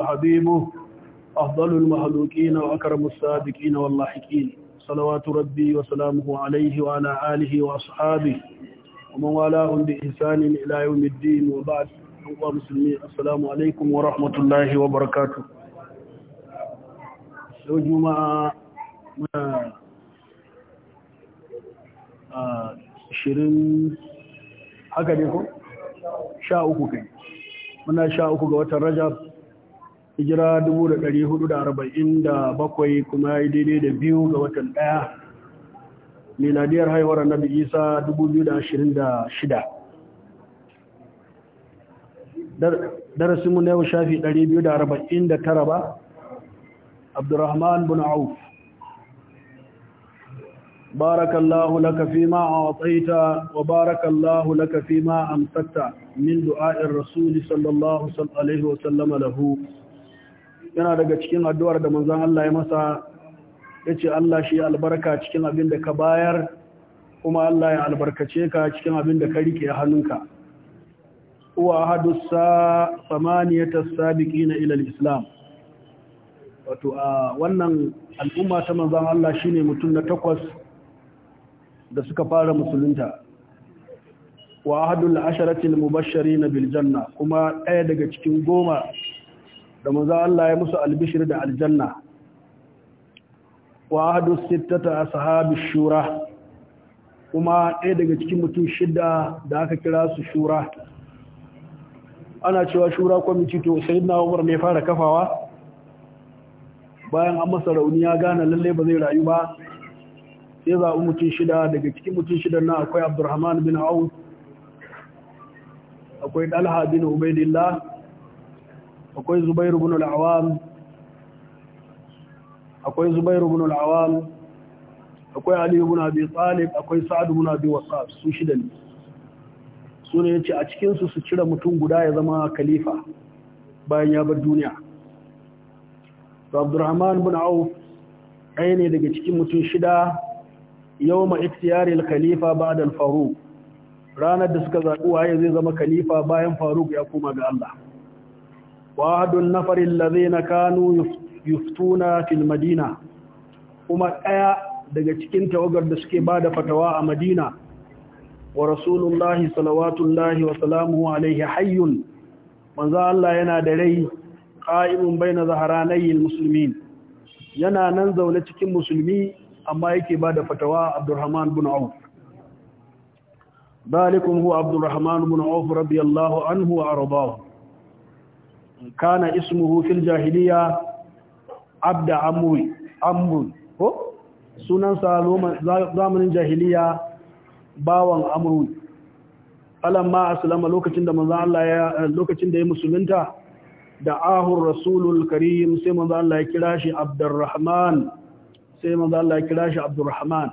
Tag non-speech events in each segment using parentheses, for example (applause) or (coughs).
حبيبه أفضل المخلوقين وأكرم السابقين واللاحقين صلوات ربي وسلامه عليه وعلى آله وأصحابه ومن والاهم بإحسان إلى يوم الدين وبعد أيها المسلمين السلام عليكم ورحمة الله وبركاته yau juma'a muna a shirin haka ne ko? sha uku kai muna sha uku ga watan rajab hijira 447 kuma ya yi daidai da biyu ga watan ɗaya miladiyar haihuwar annabi isa 2026 darasinmu na yau shafi 249 ba abdurrahman bin auf بارك الله لك فيما أعطيت وبارك الله لك فيما أمسكت من دعاء الرسول صلى الله عليه وسلم له yana daga cikin addu'ar da manzan Allah ya masa ya ce Allah shi albarka cikin abin da ka bayar kuma Allah ya albarkace ka cikin abin da ka rike hannunka wa hadussa samaniyata sabiki na ilal islam wato a wannan al'umma ta manzan Allah shi ne mutum na takwas da suka fara musulunta wa ahadul asharatil mubashshirin bil janna kuma ɗaya daga cikin goma da maza Allah ya musu albishir da aljanna wa hadu sittata ashabi shura kuma ɗaya daga cikin mutum shida da aka kira su shura ana cewa shura kwamiti to sayyidina Umar ne fara kafawa bayan an masa rauni ya gane lalle ba zai rayu ba sai zaɓi mutum shida daga cikin mutum shida na akwai Abdurrahman bin Auf akwai Dalha bin Ubaidillah akwai Zubair ibn al awam akwai Zubair ibn al awam akwai Ali ibn Abi Talib akwai sa'd ibn Abi Waqqas su shida ne su ne yace a cikin su su cire mutum guda ya zama khalifa bayan ya bar duniya to Abdurrahman ibn Auf ɗaya ne daga cikin mutum shida yawma ikhtiyari al-khalifa ba'da al-faruq ranar da suka zaɓi waye zai zama khalifa bayan faruk ya koma ga Allah وعد النفر الذين كانوا يفتون في المدينة kuma ɗaya daga cikin tawagar da suke bada fatawa a Madina wa Rasulullahi salawatullahi wa salamuhu alaihi hayyun manzo Allah yana da rai qa'imun baina zaharanayil muslimin yana nan zaune cikin musulmi amma yake bada fatawa Abdurrahman bin Auf dalikum huwa Abdurrahman bin Auf radiyallahu anhu wa ardahu kana ismuhu fil jahiliya abda amri amrun ko sunansa zamanin jahiliya bawan amru ma aslama lokacin da manzo Allah ya lokacin da ya musulunta da ahur rasulul karim sai manzo Allah ya kira shi abdurrahman sai manzo Allah ya kira shi abdurrahman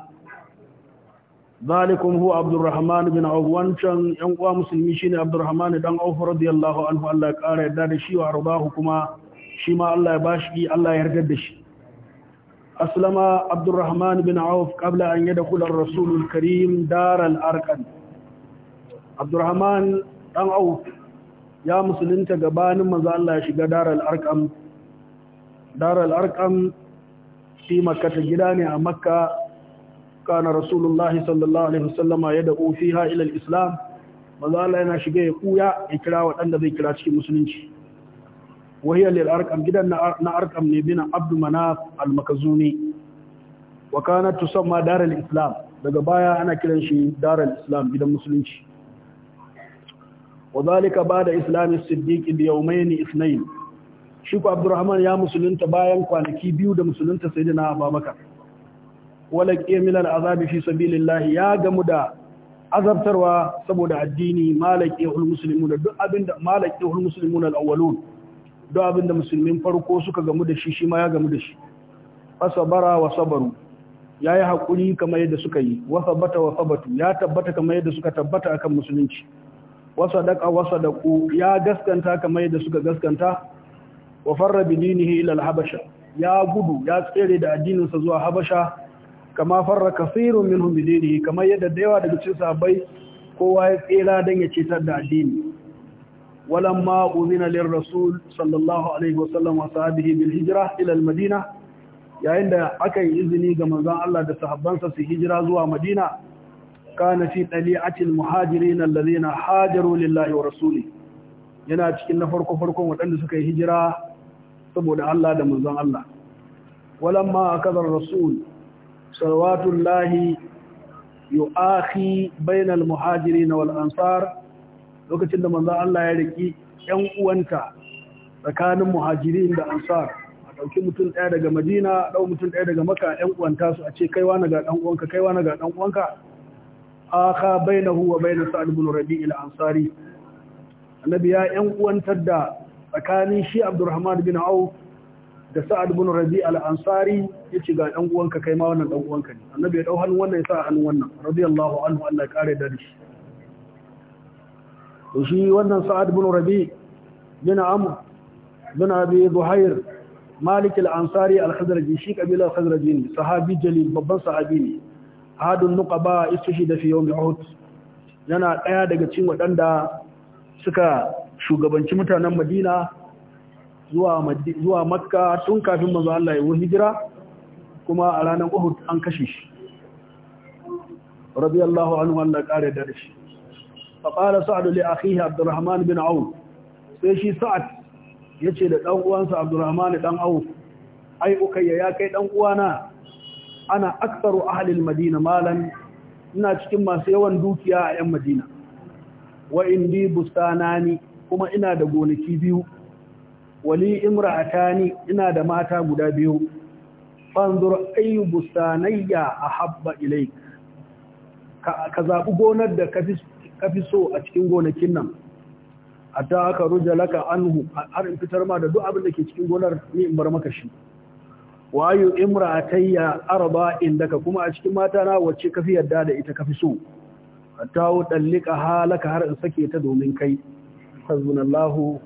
zalikum huwa abdurrahman bin auf wancan yan uwa musulmi shine abdurrahman dan auf radiyallahu anhu Allah ya kara yadda da shi wa arbahu kuma shi ma Allah ya bashi Allah ya yarda da shi aslama abdurrahman bin auf kabla an yadkhul ar-rasul al-karim dar al dan auf ya musulunta gabanin manzo Allah ya shiga dar al-arqam dar al-arqam gida ne a makka kana rasulullahi sallallahu alaihi wasallama ya da fiha ila islam manzo Allah yana shiga ya kuya ya kira waɗanda zai kira cikin musulunci وهي ne جدا نأرقم نبينا عبد مناف المكزوني وكانت تسمى دار Islam, daga baya ana kiran shi darar islam gidan musulunci wadhalika bada islam as-siddiq bi yawmayn ithnayn shi ko abdurrahman ya musulunta bayan kwanaki biyu da musulunta sayyidina abubakar walaƙe min al'azabi fi sabilillahi ya gamu da azabtarwa saboda addini malaƙe ulmusulmi da duk abinda malaƙe ulmusulmi na al'awwalun duk abinda musulmin farko suka gamu da shi shi ma ya gamu da shi fasabara wa sabaru ya yi haƙuri kamar yadda suka yi wasa bata wa sabatu ya tabbata kamar yadda suka tabbata akan musulunci wasa daƙa wasa daƙo ya gaskanta kamar yadda suka gaskanta wa farra dinihi ila habasha ya gudu ya tsere da addininsa zuwa habasha kama farra kasirun minhum bidinihi kamar yadda da yawa daga cikin sahabbai kowa ya tsira dan ya cetar da addini walamma uzina lir rasul sallallahu alaihi wasallam wa sahabihi bil hijra ila al madina yayin da aka yi izini ga manzon Allah da sahabbansa su hijira zuwa madina kana fi dali'atil muhajirin alladhina hajaru lillahi wa rasuli yana cikin na farko farkon waɗanda suka yi hijira saboda Allah da manzon Allah walamma akadar rasul salawatullahi yu'akhi bainal muhajirin wal ansar lokacin da manzo Allah ya riki yan uwanta tsakanin muhajirin da ansar a ɗauki mutum ɗaya daga Madina a dau mutum ɗaya daga Makka yan uwanta su a ce kaiwa na ga ɗan uwanka kaiwa na ga ɗan uwanka akha bainahu wa bain sa'd ibn rabi' ila ansari annabi ya yan uwantar da tsakanin shi Abdurrahman bin Auf da sa'ad bin rabi al-ansari ya ce ga ɗan uwanka kai ma wannan ɗan uwanka ne annabi ya ɗau hannun wannan ya sa hannun wannan radiyallahu anhu Allah ya kare da shi shi wannan sa'ad bin rabi bin amr bin abi zuhair malik al-ansari al-khazraji shi kabila khazraji ne sahabi jalil babban sahabi ne hadun ba istishhida shi da uhud yana ɗaya daga cikin waɗanda suka shugabanci mutanen madina zuwa makka tun kafin manzo Allah ya hijira kuma a ranar uhud an kashe shi radiyallahu anhu Allah kare da shi fa sa'd li akhihi abdurrahman bin auf sai shi sa'ad yace da dan uwansa abdurrahman dan auf ai ukayya ya kai dan uwana ana aktaru ahli almadina malan ina cikin masu yawan dukiya a yan madina wa indi bustanani kuma ina da gonaki biyu wali imra'atani ina da mata guda biyu fanzur ayu busanayya ahabba ilayk ka, ka gonar da kafi kafi so a cikin gonakin nan hatta aka ruja laka anhu har in fitar ma da duk abin da ke cikin gonar ni in bar maka shi wa ayu imra'atayya arba indaka kuma a cikin mata na wacce kafi yadda da ita kafi so hatta wa dallika halaka har in sake ta domin kai hasbunallahu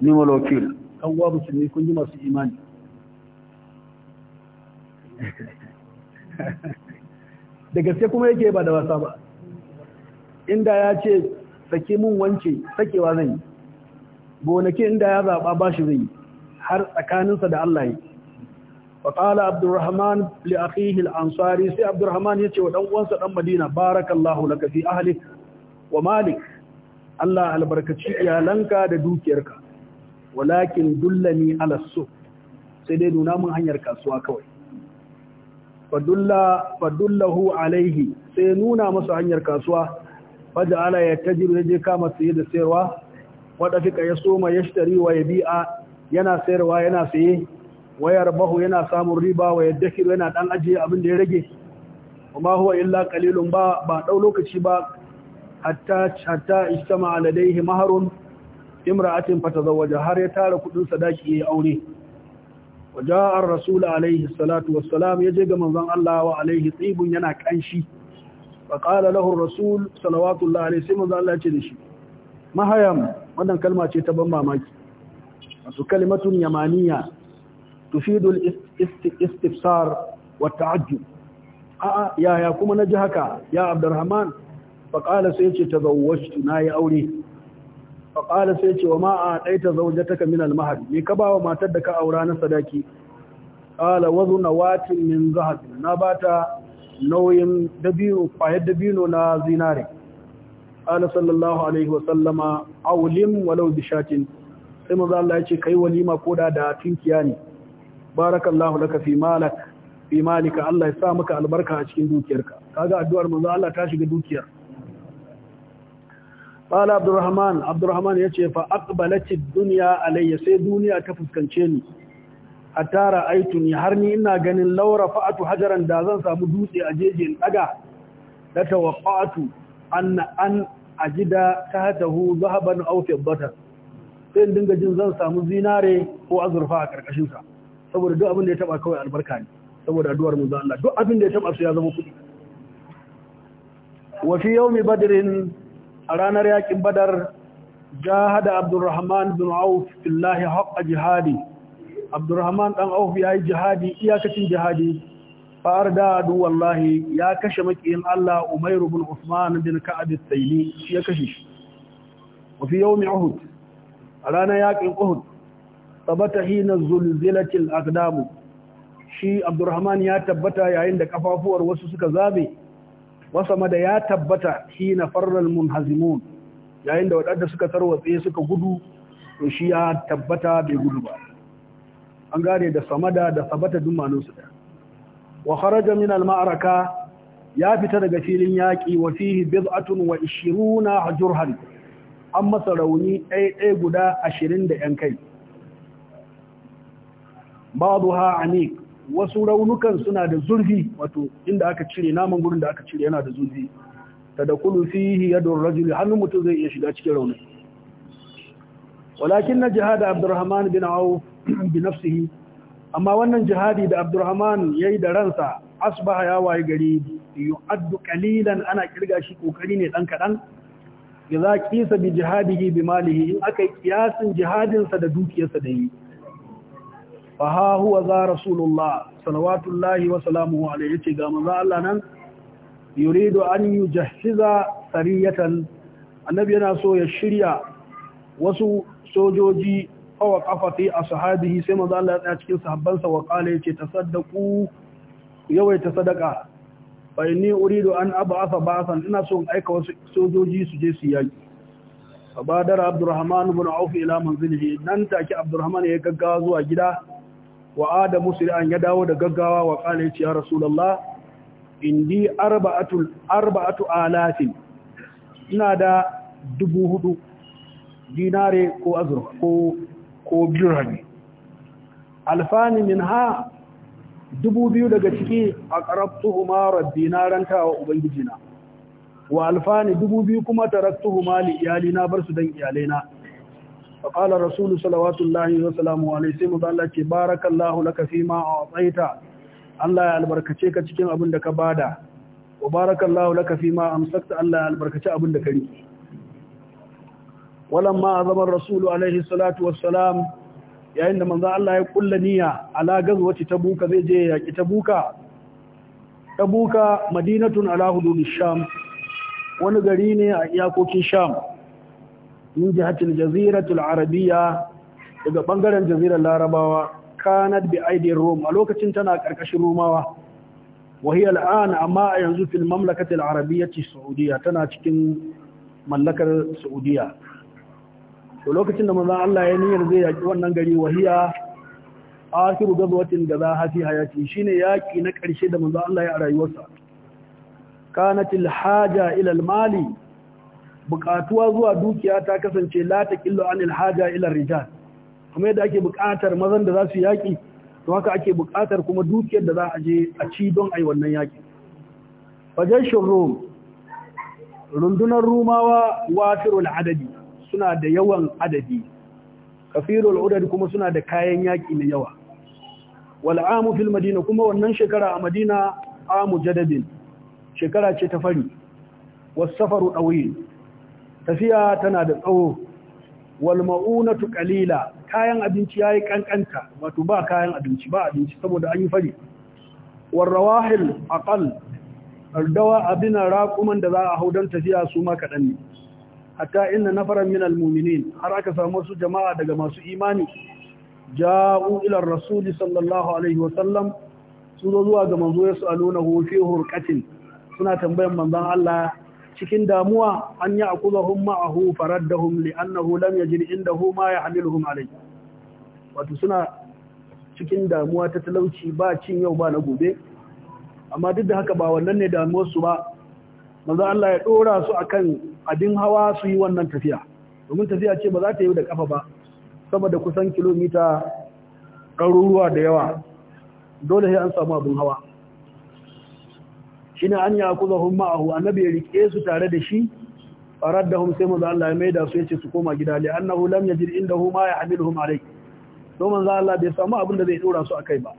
ni molecule awwa musulmi kun ji masu imani da gaske kuma yake ba da wasa ba inda ya ce sake mun wance sakewa zan yi gonake inda ya zaɓa ba shi zai har tsakaninsa da Allah yi wa ƙala abdurrahman Ansari sai abdurrahman ya ce wa uwansa ɗan madina barakallahu laka ahli wa malik Allah albarkaci iyalanka da dukiyarka walakin dullani ala su sai dai nuna mun hanyar kasuwa kawai fadullahu alaihi sai nuna masa hanyar kasuwa faja ala ya tajiru ya je kama saye da sayarwa wadda fika ya soma ya shitari wa ya bi'a yana sayarwa yana saye wayar bahu yana samun riba wa yadda yana dan ajiye abin da ya rage kuma huwa illa qalilun ba ba dau lokaci ba hatta hatta ijtama aladaihi maharun imra'atin fatazawwaja har ya tara kudin sadaki yayi aure waja'a ar-rasul alayhi salatu wassalam yaje ga manzon Allah wa alayhi tsibun yana kanshi fa qala lahu ar-rasul sallallahu alaihi sai manzon Allah ce da shi mahayam wannan kalma ce ta ban mamaki wato kalimatun yamaniya tufidu al-istifsar wa ta'ajjub a'a yaya kuma naji haka ya abdurrahman fa qala sai ce tazawwajtu nayi aure faƙala sai ce wa ma'a ɗaita zaujataka min almahar me ka ba wa matar da ka aura na sadaki ƙala wazu na watin min zahab na ba ta nauyin dabino ƙwayar dabino na zinare ƙala sallallahu alaihi wa sallama aulim walau bishatin sai maza Allah ya ce kai walima ko da da tunkiya ne barakallahu laka fi malak fi malika Allah ya sa maka albarka a cikin dukiyarka kaga addu'ar manzo Allah ta shiga dukiyar قال عبد الرحمن عبد الرحمن يتي فأقبلت الدنيا علي سي دنيا تفسكنشيني حتى رأيتني هرني إنا غنين لو رفعت حجرا دازان سابو دوسي أجيجي الأقع لتوقعت أن أن أجد تحته ذهبا أو فضة sai dinga jin zan samu zinare ko azurfa a karkashin sa saboda duk abin da ya taba kai albarka ne saboda addu'ar manzo Allah duk abin da ya taba su ya zama kudi wa fi yawmi badrin a ranar yakin badar jahada abdurrahman bin auf billahi haqqa jihadi abdurrahman dan auf yayi jihadi iyakacin jihadi farda adu wallahi ya kashe makiyin Allah Umairu bin Usman bin Ka'ab al-Taymi shi ya kashe shi wa fi yawm Uhud ranar yakin Uhud tabata hina zulzilatil aqdam shi abdurrahman ya tabbata yayin da kafafuwar wasu suka zabe wasa da ya tabbata shi na mun munhazimun yayin da waɗanda suka tarwatse suka gudu to shi ya tabbata bai gudu ba an gane da samada da sabata dumanin su da wa kharaja min al ma'araka ya fita daga filin yaki wa fihi bid'atun wa 20 jurhan an masa rauni ɗaya ɗaya guda ashirin da yan kai ba'daha anik wasu raunukan suna da zurfi wato inda aka cire naman gurin da aka cire yana da zurfi tadakulu fihi yadun rajuli hannun mutum zai iya shiga cikin rauni. walakin na jihada abdurrahman bin Awu bi nafsihi amma wannan jihadi da abdurrahman yayi da ransa asbaha ya waye gari yu'addu qalilan ana kirga shi kokari ne dan kadan idza qisa bi jihadihi bi malihi in akai kiyasin jihadinsa da dukiyarsa da yi fa ha huwa za rasulullah salawatullahi wa salamuhu alayhi yace ga manzo Allah nan yuridu an yujahhiza sariyatan annabi yana so ya shirya wasu sojoji fawa kafati a sahabihi sai manzo Allah ya cikin sahabbansa wa qala yace tasaddaqu yawaita sadaka fa inni uridu an ab'atha ba'san ina so in aika wasu sojoji su je su yaki fabadara abdurrahman ibn auf ila manzilihi nan take abdurrahman ya gaggawa zuwa gida wa adamu sir'an ya dawo da gaggawa wa qala ya rasulullah indi arba'atul arba'atu alatin ina da dubu hudu dinare ko azurfa ko ko Alfani alfani ha dubu biyu daga ciki a qarabtuhuma rabbi na ranta wa ubangijina wa alfani dubu biyu kuma taraktuhuma li iyalina bar su dan iyalaina fa qala rasulu salawatullahi wa salamu alaihi sai manzo Allah ce barakallahu laka fima a'taita Allah ya albarkace ka cikin abin da ka bada wa barakallahu laka fima amsakta Allah ya albarkace abin da ka riki walamma azama rasulu alaihi salatu wassalam yayin da manzo Allah ya kulla niyya ala gazwati tabuka zai je yaki tabuka madinatun ala hududin sham wani gari ne a iyakokin sham min jihatin jaziratul arabiya daga bangaren jazirar larabawa kanat bi aidin rom a lokacin tana karkashin romawa wahiya An'a amma a yanzu fil mamlakatul arabiyyati Sa'udiyya tana cikin mallakar Sa'udiyya. to lokacin da manzon Allah ya niyyar zai yaki wannan gari wahiya akhir gazwatin da za hafi hayati shine yaki na ƙarshe da manzon Allah ya rayuwarsa kanatil haja ila al mali bukatuwa zuwa dukiya ta kasance la killo anil haja ila rijal kuma yadda ake bukatar mazan da za su yaki to haka ake bukatar kuma dukiyar da za a je a ci don ai wannan yaki fajashin rum rundunar rumawa wafirul adadi suna da yawan adadi kafirul udad kuma suna da kayan yaki na yawa wal amu fil madina kuma wannan shekara a madina amu jadadin shekara ce ta fari was safaru dawil tafiya tana da tsawo walma'unatu kalila kayan abinci yayi kankanta wato ba kayan abinci ba abinci saboda an yi fari Warrawahil rawahil aqal abina raquman da za a hau don tafiya su ma kadan ne hatta inna nafaran min almu'minin har aka samu su jama'a daga masu imani ja'u ila rasuli sallallahu alaihi wa sallam su zo zuwa ga manzo ya su hu fi hurqatin suna tambayan manzon Allah cikin damuwa an ya hun ma'ahu hulam ya jini inda hu ma hun alai wato suna cikin damuwa ta talauci ba cin yau ba na gobe amma duk da haka ba wannan ne damuwarsu ba maza Allah ya ɗora su a kan abin hawa su yi wannan tafiya domin tafiya ce ba za ta yi da kafa ba Sama da kusan kilomita ɗaruruwa da yawa dole sai an samu abin hawa shine an yakuzahum ma'ahu annabi ya rike su tare da shi faraddahum sai manzo Allah ya da su yace su koma gida li annahu lam yajid indahu ma yahmiluhum alayhi to manzo Allah bai samu abin da zai dora su kai ba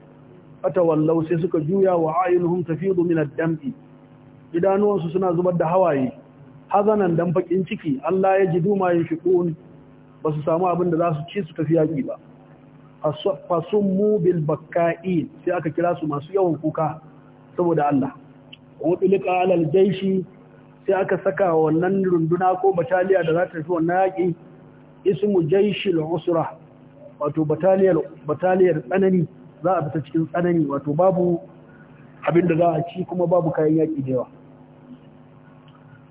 wallau sai suka juya wa ayyunuhum tafidu min ad-dam'i idanuwansu suna zubar da hawaye hazanan dan bakin ciki Allah ya ji duma yin ba su samu abin da za su ci su tafi yaki ba fasummu bil bakka'i sai aka kira su masu yawan kuka saboda Allah utlika alal jaishi sai aka saka wannan runduna ko bataliya da za ta tafi wannan yaƙi ismu jaishil usra wato bataliyar tsanani za a fita cikin tsanani wato babu abin da za a ci kuma babu kayan yaƙi da yawa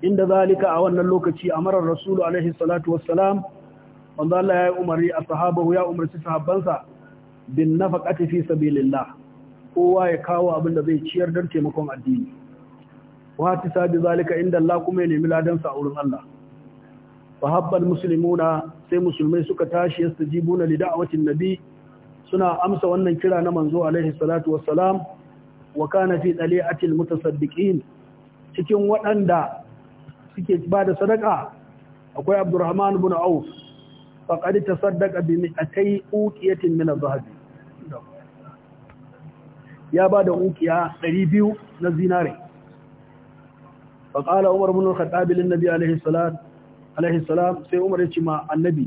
inda zalika a wannan lokaci amara rasulu alaihi salatu wassalam wanda Allah ya yi umarni a sahabahu ya umarci sahabbansa bin nafaqati fi sabilillah kowa ya kawo abin da zai ciyar don taimakon addini wa tisabi zalika inda Allah kuma ya nemi ladan sa wurin Allah fa habbal muslimuna sai musulmai suka tashi yastajibuna li da'watin nabi suna amsa wannan kira na manzo alaihi salatu wassalam wa kana fi dali'atil mutasaddiqin cikin waɗanda suke bada sadaka akwai Abdurrahman ibn Auf faqad tasaddaqa bi mi'atay uqiyatin min adh-dhahab ya ba da uqiya 200 na zinare fa umar ibn al-khattab lin nabi sai umar ya ce ma annabi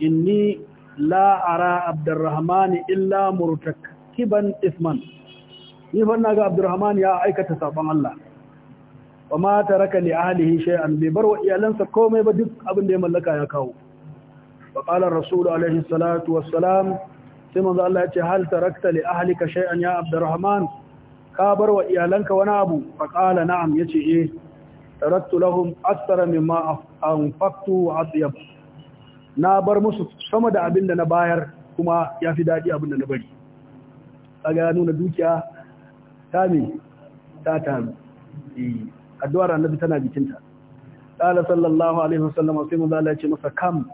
inni la ara abdurrahman illa murtakiban isman ni fa naga ya aikata saban Allah wa ma taraka li ahlihi shay'an bi bar wa iyalansa komai ba duk abin da ya mallaka ya kawo fa qala ar-rasul sai manzo Allah ya ce hal tarakta li ahlika shay'an ya abdurrahman ka bar wa iyalanka wani abu faƙala na'am ya ce eh tarattu lahum asara mimma anfaqtu wa atyab na bar musu sama da abin da na bayar kuma ya fi daɗi abin da na bari kaga ya nuna dukiya ta me ta eh addu'ar annabi tana bikinta qala sallallahu alaihi wasallam sai manzo Allah ya ce masa kam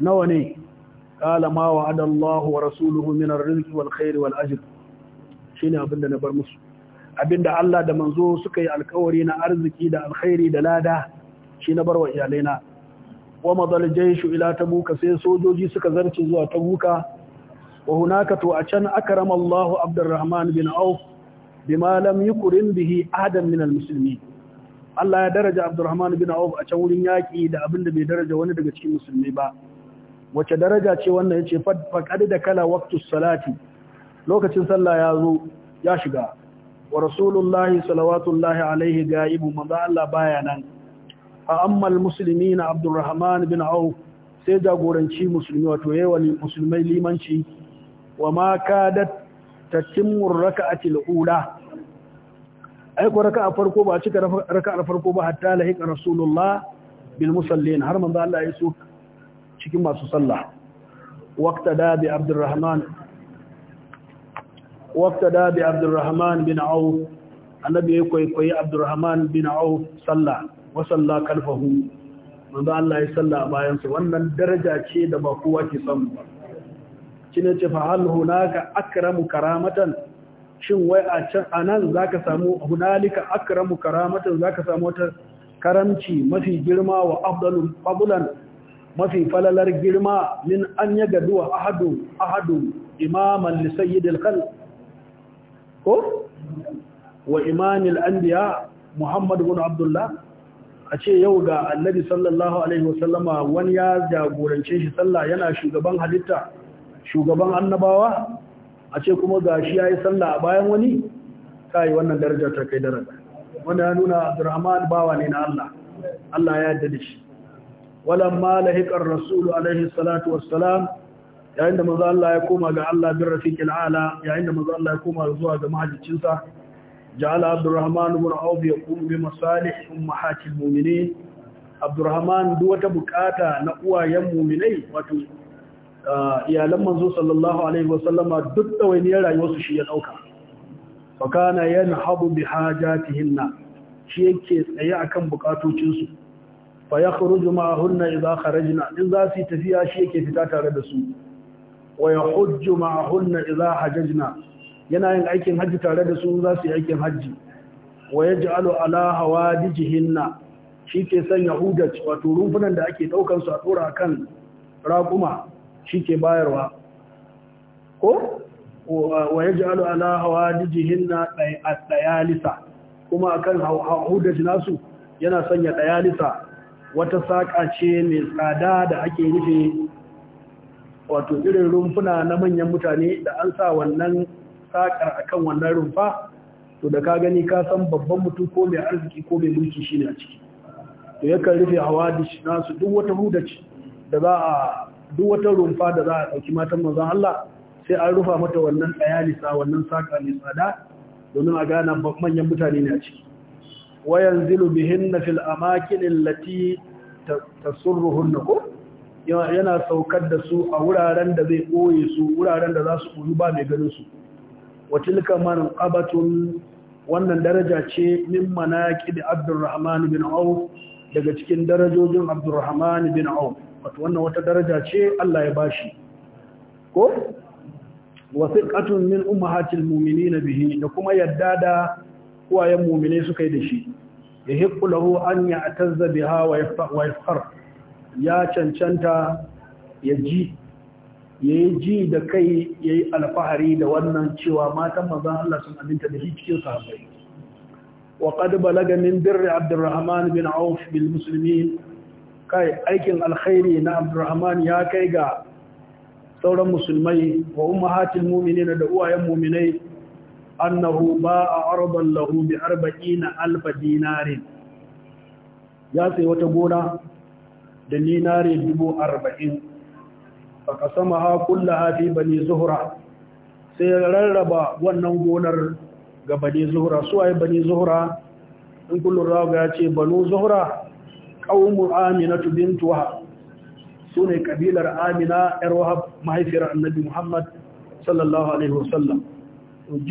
nawa ne qala ma wa'ada Allahu wa rasuluhu min ar-rizqi wal khair wal ajr shine abin da na bar musu abinda Allah da manzo suka yi alkawari na arziki da alkhairi da lada shi na barwa iyalaina wa madal jayshu ila tabuka sai sojoji suka zarce zuwa tabuka wa hunaka to a can akrama Allahu Abdurrahman bin Auf bima lam yukrim bihi ahadan min almuslimin Allah ya daraja Abdurrahman bin Auf a can wurin yaki da abinda bai daraja wani daga cikin musulmi ba wace daraja ce wannan yace faqad da kala waqtus salati lokacin sallah ya zo ya shiga wa rasulullahi salawatullahi alaihi ga'ibu manzo Allah baya nan a ammal muslimina abdurrahman bin au sai jagoranci musulmi wato yayi musulmai limanci wa ma kadat tatimmu raka'atil ula ai ko raka'a farko ba cika raka'a farko ba hatta lahiqa rasulullah bil musallin har manzo Allah ya so cikin masu sallah waqtada bi abdurrahman waftada bi abdurrahman bin auf annabi ya kwaikwayi abdurrahman bin auf sallah wa sallah kalfahu manzo Allah ya sallah bayan sa wannan daraja ce da ba kowa ke samu ba kina ce fa hal hunaka akramu karamatan shin wai a nan anan zaka samu hunalika akramu karamatan zaka samu wata karamci mafi girma wa afdalul fadlan mafi falalar girma min an yaga duwa ahadu ahadu imaman li sayyidil khalq ko wa imanil anbiya Muhammad ibn Abdullah a ce yau ga Annabi sallallahu alaihi wasallama wani ya jagorance shi sallah yana shugaban halitta shugaban annabawa a ce kuma ga shi yayi sallah a bayan wani kai wannan daraja ta kai daraja wanda ya nuna Abdurrahman bawa ne na Allah Allah ya yarda da shi walamma lahiqar rasulu alaihi salatu wassalam yayin da manzo Allah ya koma ga Allah bin rafiqil ala yayin da manzo Allah ya koma zuwa ga mahajicinsa, ja'ala abdurrahman ibn auf yaqum bi masalih ummahatil mu'minin abdurrahman duk wata bukata na uwayen mu'minai wato ah, iyalan manzo sallallahu alaihi wasallama duk dawainiyar rayuwarsu shi ya dauka fa kana yanhabu bi hajatihinna shi yake tsaye akan bukatocinsu fa yakhruju ma'ahunna idha kharajna in za su yi tafiya shi yake fita tare da su wa yahujju ma'ahunna idza hajjna yana yin aikin haji tare da su za su yi aikin haji wa yaj'alu ala hawadijihinna shi ke sanya hudaj wato rumfunan da ake daukan su a dora kan raƙuma shi ke bayarwa ko wa yaj'alu ala hawadijihinna dayalisa kuma akan hudaj nasu yana sanya dayalisa wata saƙa ce mai tsada da ake rufe wato irin rumfuna na manyan mutane da an sa wannan sakar akan wannan rumfa to da ka gani ka san babban mutum ko mai arziki ko mai mulki shine a ciki to yakan rufe hawadish nasu duk wata hudaci da za a duk wata rumfa da za a dauki matan manzon Allah sai an rufa mata wannan sa wannan saka ne tsada domin a gana manyan mutane ne a ciki wayan bihinna fil amakin allati tasurruhunna ko yana saukar da su a wuraren da zai ɓoye su wuraren da za su ɓoyi ba mai ganin su watilka man qabatun wannan daraja ce min kiɗi, Abdurrahman bin Auf daga cikin darajojin Abdurrahman bin Auf wannan wata daraja ce Allah ya bashi ko wasiqatun min ummahatil na bihi da kuma yadda da uwayen muminai suka yi da shi yahiqqu lahu an ya'tazza biha wa yafkhar ya cancanta ya ji ya yi ji da kai ya yi alfahari da wannan cewa matan mazan Allah sun aminta da shi cikin sahabbai wa balaga min birri abdurrahman bin auf bil Musulmi kai aikin alkhairi na abdurrahman ya kai ga sauran musulmai wa ummahatil mu'minina da uwayen mu'minai annahu ba'a ardan lahu bi alfa dinarin ya sai wata gona da dinari dubu arba'in ba ka sama ha kulla hafi bane zuhura sai rarraba wannan gonar ga bane zuhura suwaye bane zuhura in kullum raga ya ce banu zuhura ƙaunmu Amina bintu su ne ƙabilar amina ‘yar wahab mahaifiyar annabi muhammad sallallahu alaihi wasallam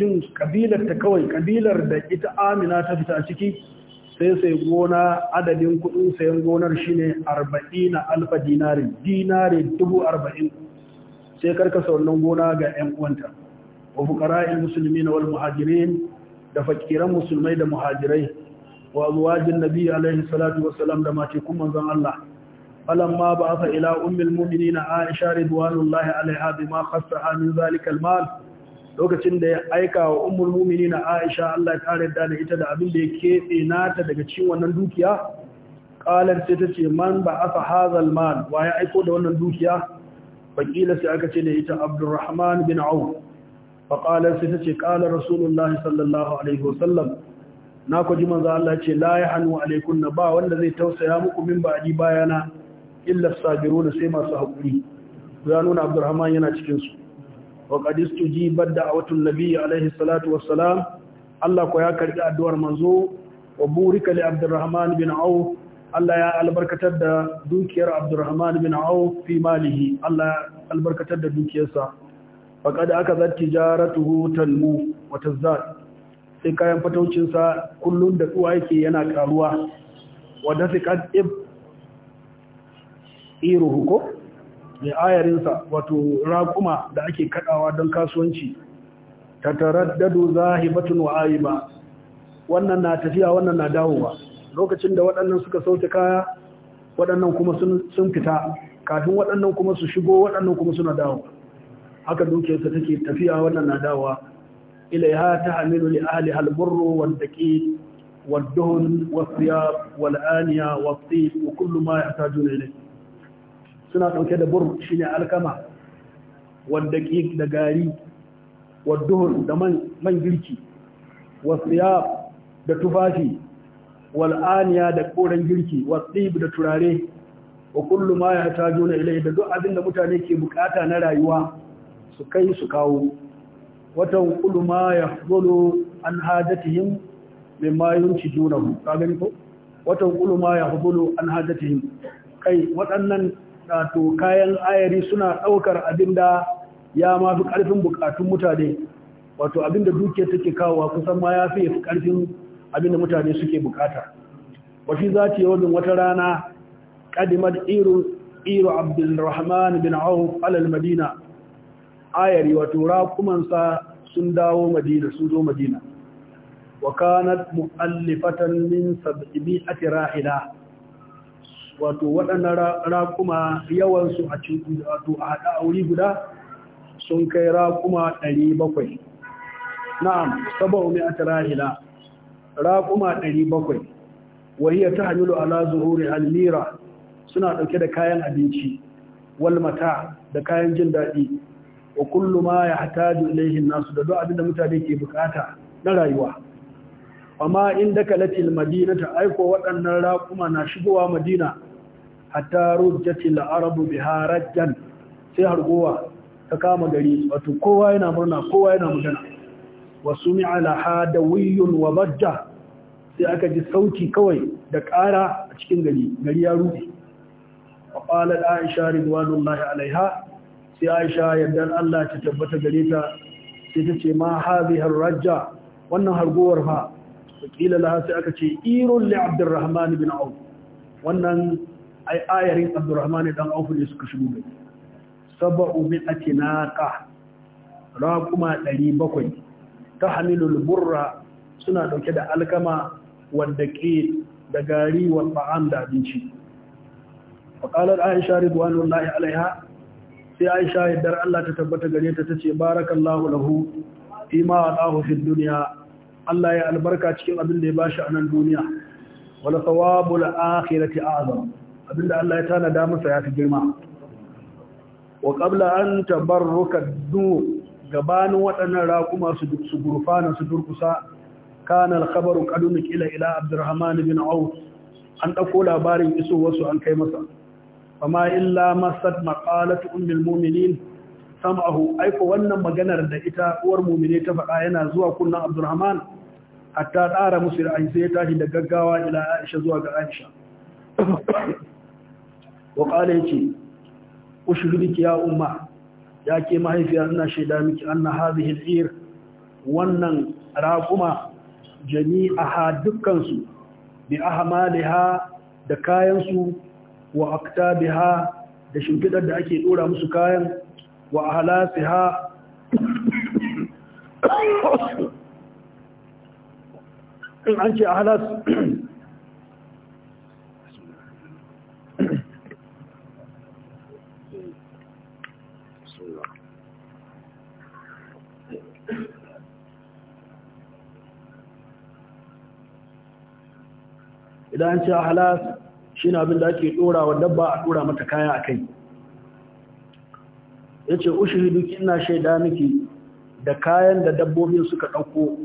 jin ƙabilar ta kawai ƙabilar da ita amina ta fita a ciki sai sai gona adadin kudin sayan gonar shine 40 alfa dinari dinari 40 sai karkasa wannan gona ga ƴan uwanta wa fuqara'il muslimin wal muhajirin da fakiran musulmai da muhajirai wa azwajin nabi alaihi salatu wassalam da mace kuma manzon Allah فلما بعث إلى أم المؤمنين Aisha, رضوان الله عليها بما min zalika ذلك Mal. lokacin da ya aika wa mumini na Aisha Allah ya kare da ita da abin da ya kebe nata daga cin wannan dukiya Ƙalar sai ce man ba afa hazal man. wa ya aiko da wannan dukiya faqila sai aka ce da ita Abdurrahman bin Ba faqala sai ce ƙalar Rasulullah sallallahu alaihi wasallam na ku ji manzo Allah ce la hanu alaikunna ba wanda zai tausaya muku min ba ji bayana illa sabiruna sai masu hakuri ya nuna Abdurrahman yana cikin su wa kadis badda a watan labiya alaihi salatu wasu salam Allah ko ya karɗi addu’ar manzo wa burika li abdurrahman bin au Allah ya albarkatar da dukiyar abdurrahman bin au fi malihi Allah ya albarkatar da dukiyarsa ba kada aka zarki jara tuhu talmu wata zaɗ sai kayan fatocinsa kullum da tsuwa yake yana karuwa wadda su kan ɗin iruhu ko mai ayarinsa wato raƙuma da ake kaɗawa don kasuwanci ta taraddadu zahibatun wa aiba wannan na tafiya wannan na dawowa lokacin da waɗannan suka sauke kaya waɗannan kuma sun fita kafin waɗannan kuma su shigo waɗannan kuma suna dawo haka su take tafiya wannan na dawowa ya ta aminu li ahli halburru wal daqi wal duhn wal thiyab wal aniya wal tib wa kullu ma yahtajuna ilayhi suna ɗauke da bur ne alkama wadda da gari wadduhun da man girki wasiyab da tufafi wal'aniya da ƙoran girki wasib da turare wa kullu ma ya tajo na ilai da duk abin da mutane ke bukata na rayuwa su kai su kawo watan kullu ma ya zolo an hajatihim min ma yunci junahu ka gani ko watan kullu ma ya zolo an hajatihim kai waɗannan wato kayan ayari suna ɗaukar abin da ya mafi ƙarfin buƙatun mutane wato abin da take kawo kusan ma ya fi ya ƙarfin abin da mutane suke buƙata wafi za ta yawon wata rana ƙadimar iru iru Rahman bin auf al madina ayari wato sa sun dawo madina sun zo madina wa kanat mu'allifatan min mi'ati rahila wato waɗannan raƙuma yawansu a cikin wato a haɗa aure guda sun kai raƙuma ɗari na'am saba'u mai atrahila raƙuma ɗari bakwai wahiyar ta hamilu ala zuhuri almira suna ɗauke da kayan abinci walmata da kayan jin daɗi wa kullu ma ya hataju ilaihin nasu da duk da mutane ke bukata na rayuwa amma in daga latin madina ta aiko waɗannan rakuma na shigowa madina A rujjati jati la'arabu rajjan sai hargowa ta kama gari wato kowa yana murna kowa yana magana Wasu sumi'a laha wa bajja sai aka ji sauki kawai da ƙara a cikin gari gari ya rufe wa qalat aisha radhiyallahu alaiha sai aisha yadda Allah ta tabbata gare ta sai ta ce ma hadhihi rajja wannan hargowar fa kila sai aka ce irun li abdurrahman bin au wannan ai ayarin abdurrahman dan aufu ne suka shigo gari sab'u mi'ati naqa raquma 700 tahmilul burra suna dauke da alkama wanda ke da gari wa ta'am da abinci faqalat aisha radhiyallahu anha sai aisha yaddar Allah ta tabbata gare ta tace barakallahu lahu ima atahu fid dunya Allah ya albarka cikin abin da ya bashi a nan duniya wala thawabul akhirati a'zam abinda Allah ya tanada masa ya fi girma wa qabla an tabarruka du gabanin waɗannan raƙuma su su gurfana su durkusa Kanar al-khabaru qad ila Abdurrahman bin Auf an ɗauko labarin iso su an kai masa amma illa masad maqalatu ummul mu'minin sam'ahu aiko wannan maganar da ita uwar mu'mine ta faɗa yana zuwa kunnan Abdurrahman hatta ɗara musu ra'ayi sai ya tashi da gaggawa ila Aisha zuwa ga Aisha wa ya yace ushhidiki ya umma ya ke mahaifiya ina shaida miki anna na al-ir wannan rakuma jami'aha ha dukkansu, bi hama da kayansu, kayansu wa ha da shimfidar da ake ɗora musu kayan wa ha (coughs) in an ce a ahlas idan an ce halas shi na abin da ake ɗora wa dabba a ɗora mata kaya a kai ya ce duki ina shaida miki da kayan da dabbobin suka ɗauko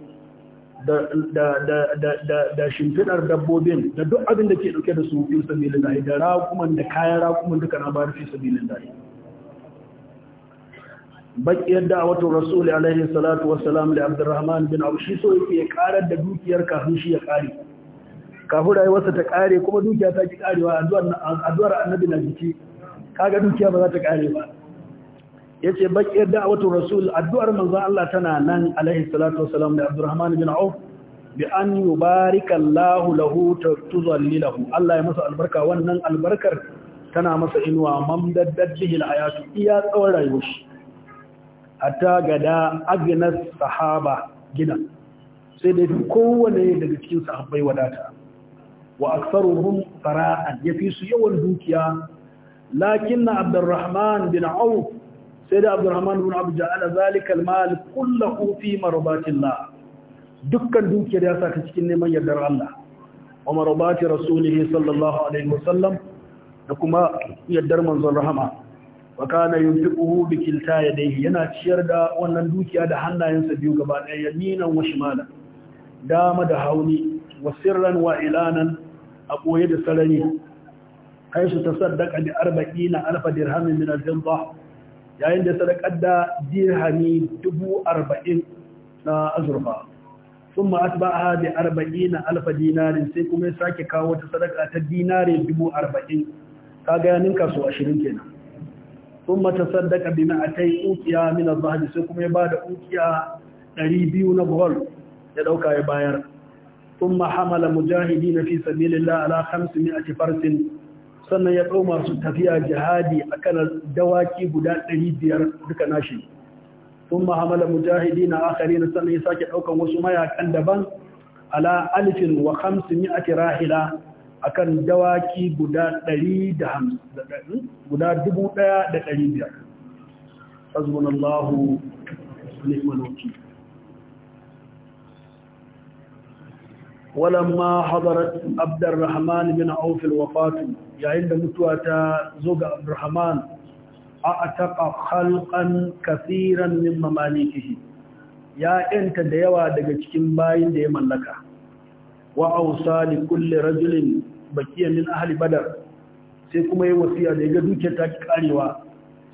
da shimfiɗar dabbobin da duk abin da ke ɗauke da su sabilin lahi da rakuman da kayan rakuman duka na ba rufi sabilin yadda bakiyar da'awatun rasuli alaihi salatu wasalam da abdurrahman bin abu shi so yake ya karar da dukiyar kafin shi ya kare kafin rayuwarsa ta kare kuma dukiya ta ki karewa addu'ar annabi na jiki kaga dukiya ba za ta kare ba yace bakiyar da'watu rasul addu'ar manzon Allah tana nan alaihi salatu wasalam da Abdurrahman bin Auf bi an yubarika Allah lahu lahu. Allah ya masa albarka wannan albarkar tana masa inuwa mamdaddad bihi alhayatu iya tsawon rayuwar shi hatta da agnas sahaba gina sai dai kowanne daga cikin sahabbai wadata wa aktsaruhum fara'an yafi su yawan dukiya lakin Abdurrahman bin Auf sai da Abdurrahman bin Auf ja'ala zalika al-mal fi marbatillah dukkan dukiyar ya saka cikin neman yardar Allah wa marbati rasulih sallallahu alaihi wasallam da kuma yardar manzon rahama wa kana yunfiquhu bi kilta yadayhi yana ciyar da wannan dukiya da hannayensa biyu gaba ɗaya yaminan wa shimalan dama da hauni wa sirran wa ilanan a ɓoye da sarari su ta sadaka da arba'i na alfa dirhamin min aljamba yayin da sadakar da dirhami dubu arba'in na azurfa sun ma ba a da arba'i na alfa dinarin sai kuma ya sake kawo ta sadaka ta dinari dubu arba'in ka ga yanin kaso ashirin kenan sun ta sadaka bi atai ukiya min azahari sai kuma ya ba da ukiya ɗari biyu na buhol ya ɗauka ya bayar ثم حمل مجاهدين في سبيل الله على 500 فرس sannan ya tsoma masu tafiya jihadi akan dawaki guda 500 duka nashi sun mahamala mujahidi na akari na sannan ya sake daukan wasu mayakan daban ala alifin wa hamsin mi'ati rahila akan dawaki guda 150 guda ولما حضرت عبد الرحمن بن عوف الوفاة يعند متوة زوج عبد الرحمن أعتق خلقا كثيرا من مماليكه يا أنت ديوا دقشكين باين دي لك وأوصى لكل رجل بكيا من أهل بدر سيكما يوصي ديجا دوكي تاك أليوا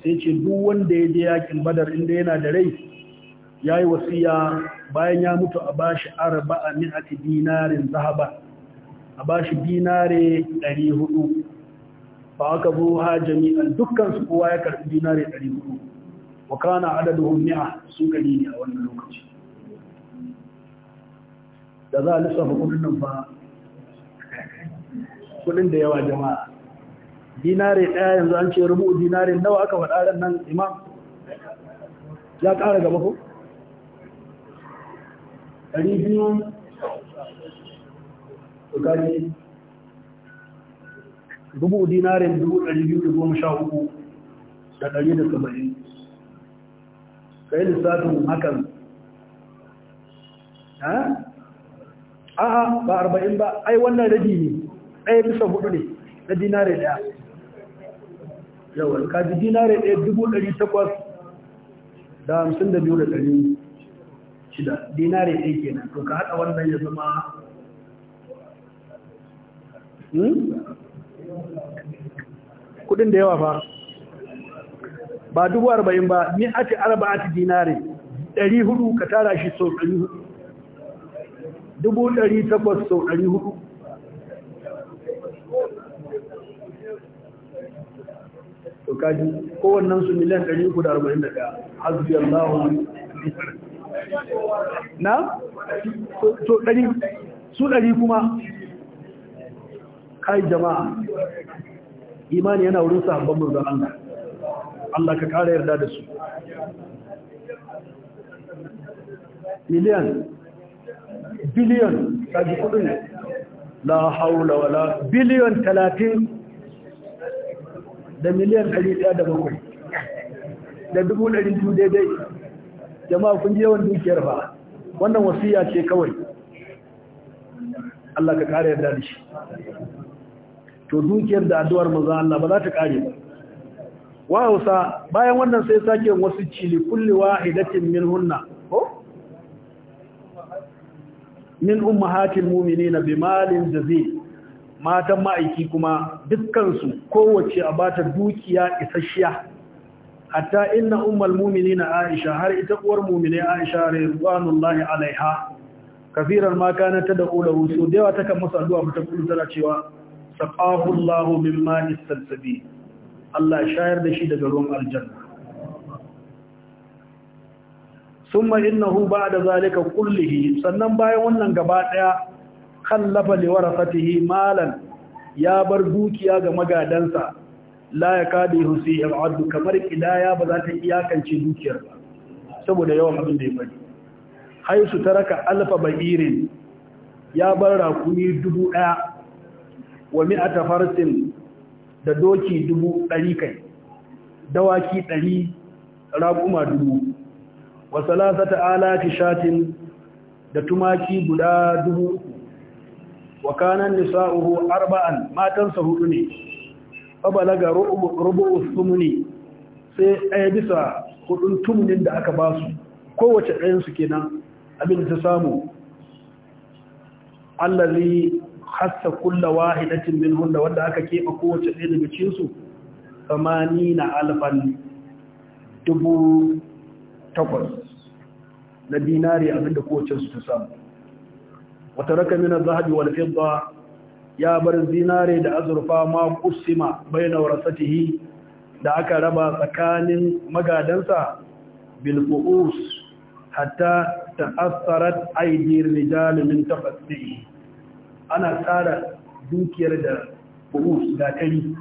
سيكي دوان ديجا يكين بدر إن دينا دري يا يوصي bayan ya mutu a bashi arba a mi'ati dinarin zahaba a bashi dinare 400 ba aka zo ha jami'an dukkan su kowa ya karbi dinare 400 wa kana adadin mi'a su gani ne a wannan lokaci da za a lissafa kudin nan ba kudin da yawa jama'a dinare ɗaya yanzu an ce rubu dinare nawa aka faɗa nan imam ya ƙara gaba ko ɗari biyu tukari dubu dinarin dubu ɗari biyu da goma sha uku da ɗari da saba'in ka yi lissafin hakan aha ba arba'in ba ai wannan rabi ne ɗaya bisa hudu ne na dinare ɗaya yawan kaji dinare ɗaya dubu ɗari takwas da hamsin da biyu da ɗari shida dinari ɗaya kenan to ka haɗa wannan ya zama hmm? kudin da yawa fa ba dubu arba'in ba ni ati arba'ati dinari ɗari hudu ka tara shi sau ɗari hudu dubu ɗari takwas sau ɗari hudu to kaji kowannen su miliyan ɗari uku da arba'in da ɗaya hasbi allahu na? to ɗari su ɗari kuma kai jama'a imani yana wurin sahabban murgan Allah Allah ka ƙara yarda da su miliyan biliyan kaji kudin la haula wala Biliyan talatin da miliyan ɗari ɗaya da bakwai da dubu ɗari dai-dai. jama'a kun je yawan dukiyar ba wannan wasiya ce kawai Allah ka kare yadda da shi to dukiyar da addu'ar manzo Allah ba za ta kare ba wa hausa bayan wannan sai sake wasu cili kulli wahidatin hunna ko min ummahatil mu'minina bimalin jazil matan ma'aiki kuma dukkan su kowace a bata dukiya isasshiya hatta inna ummul mu'minina Aisha har ita uwar mu'mine Aisha radhiyallahu alaiha kafiran ma kana ta da ulahu so da yawa takan masa addu'a kullu tana cewa saqahu Allahu mimma istalsabi Allah shayar da shi daga ruwan aljanna summa innahu ba'da zalika kullihi sannan bayan wannan gaba daya kallafa liwarasatihi malan ya bar dukiya ga magadansa la ya kada husi ya abdu kamar ƙidaya ba za ta iyakance dukiyar ba saboda yawan abin da ya bari haisu taraka alfa ba'irin ya bar raƙumi dubu daya wa mi'ata tafarsin da doki dubu dari kai dawaki dari raƙuma dubu wa salasata alati shatin da tumaki guda dubu wa kanan nisa'uhu arba'an matansa hudu ne abalaga rubu sumuni sai ɗaya bisa hudun tumnin da aka basu kowace ke kenan abin da ta samu allazi hasa kulla wahidatin min hunda wanda aka keɓe kowace ɗaya daga cinsu na alfan dubu takwas na dinari abinda kowace su ta samu wata raka mina zahabi wal fidda ya bar zinare da azurfa ma kusima baina warasatihi da aka raba tsakanin magadansa bil qu'us hatta ta'assarat aydi rijal min taqattihi ana tsara dukiyar da qu'us da kari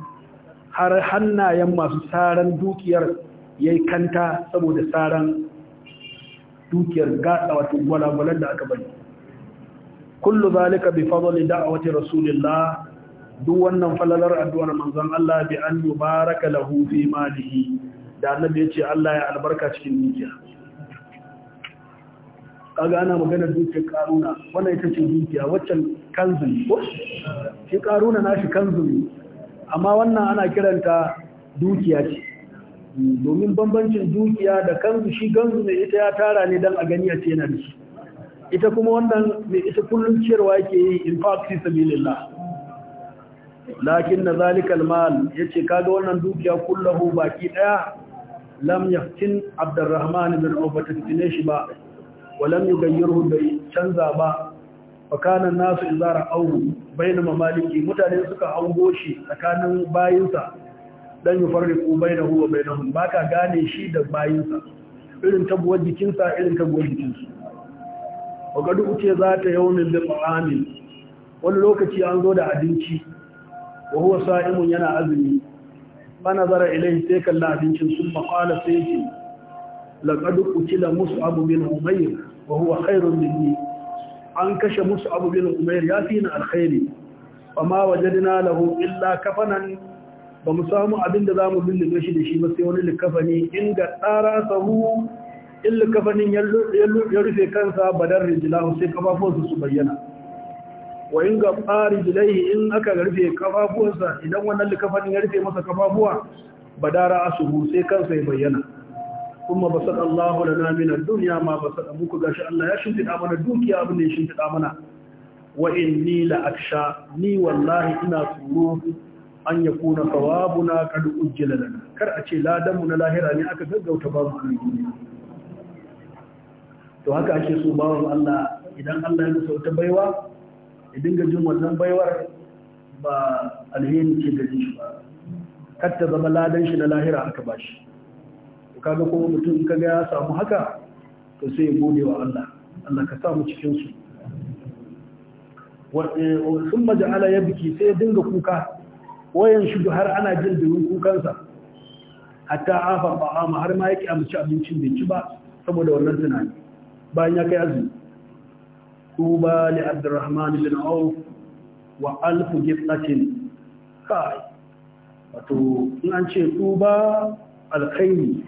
har hannayen masu saran dukiyar yayi kanta saboda tsaron dukiyar gada wato gwalagwalar da aka bari kullu zalika bi fadli da'wati rasulillah duk wannan falalar addu'ar manzon Allah bi an yubaraka lahu fi malihi da annabi yace Allah ya albarka cikin dukiya kaga ana maganar dukiyar karuna wannan ita ce dukiya waccan kanzun ko shi karuna nashi kanzun amma wannan ana kiranta dukiya ce domin bambancin dukiya da kanzu shi ganzu ne ita ya tara ne don a gani a ce yana da shi ita kuma wannan mai isa kullum ciyarwa yake yi in fact sabilillah lakin na zalikal mal yace kaga wannan dukiya kullahu baki daya lam yaftin abdurrahman bin ubata tinashi ba walam yugayyirhu bai canza ba fakanan nasu izara auru bayin mamaliki mutane suka hango shi tsakanin bayinsa dan yufarriqu bainahu wa bainahum baka gane shi da bayinsa irin tabuwar jikinsa irin tabuwar jikinsa wa gadu uke za ta yaunin bin amin wani lokaci an zo da abinci wa huwa sa'imun yana azumi fa nazara ilayhi sai kalla abincin sun makwala sai ce da musu abu bin umair wa huwa khairun minni an kashe musu bin umair ya fi na alkhairi waje dina lahu illa kafanan ba mu samu abin da za mu lullube shi da shi ba sai wani likafani inda tsara sahu in kafanin ya rufe kansa badar rijilahu sai kafafuwansa su bayyana wa in ga tsari jilaihi in aka rufe kafafuwansa idan wannan likafanin ya rufe masa kafafuwa badara suhu sai kansa ya bayyana kuma ba saɗa Allah da namina duniya ma ba saɗa muku gashi Allah ya shimfiɗa mana dukiya abin da ya shimfiɗa mana wa in ni la'aksha ni wallahi ina tsoro an ya kuna sawabuna kad ujjila lana kar a ce ladanmu na lahira ne aka gaggauta ba mu kan duniya to haka ake so bawan Allah idan Allah ya musu wata baiwa ya dinga jin wannan baiwar ba alheri ce gare shi ba kar ta zama ladan shi na lahira aka bashi to kaga kuma mutum in kaga ya samu haka to sai ya gode wa Allah Allah ka sa mu cikin su sun eh, maja'ala ya biki sai ya dinga kuka wayan shi har ana jin durin kukansa hatta afa ba'ama har ma yake amci abincin bai ci ba saboda wannan tunani bayan ya kai azumi tuba li abdurrahman bin auf wa alf gifatin kai wato in an ce tuba alkhairi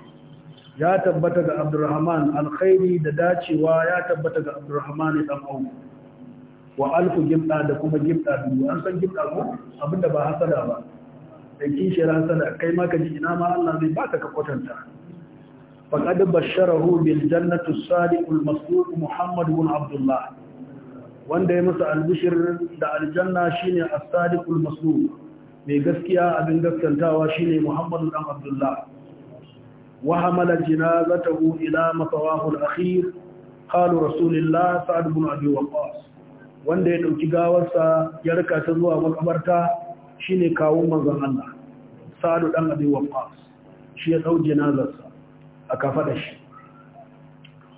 ya tabbata ga abdurrahman alkhairi da dacewa ya tabbata ga abdurrahman dan auf wa alf gifta da kuma gifta biyu an san gifta ko abinda ba hasada ba da kishiyar hasada kai ma ka ji ina ma Allah zai baka ka kwatanta فقد بشره بالجنة الصادق المصدوق محمد بن عبد الله wanda ya masa albishir da aljanna shine as-sadiqul masduq mai gaskiya abin gaskantawa shine Muhammadu dan Abdullah wa hamala jinazatahu ila matawahu akhir qalu rasulillah sa'd ibn abi wanda ya dauki gawarsa ya ta zuwa makabarta shine kawun manzon Allah sa'd dan abi shi ya dau jinazarsa Aka kafada shi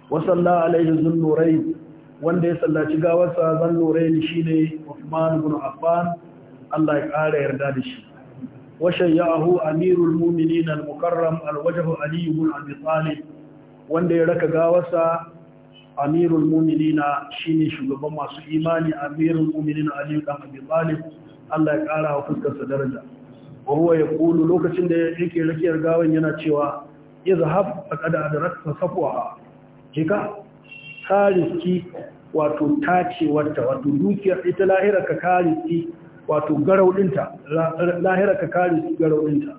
wasalla alaihi zunnurai wanda ya sallaci gawarsa zunnurai shine Uthman ibn Affan Allah ya ƙara yarda da shi washayyahu amirul mu'minin al-mukarram al-wajh Ali ibn Abi Talib wanda ya raka gawarsa amirul mu'minin shine shugaban masu imani amirul mu'minin Ali ibn Abi Talib Allah ya ƙara wa fuskarsa daraja wa huwa yaqulu lokacin da yake rakiyar gawan yana cewa a izhab na safuwa safwaha ka tariki wato tacewarta wato dukiyar ita lahirarka ka karisi wato garaudinta lahirarka ka karisi garaudinta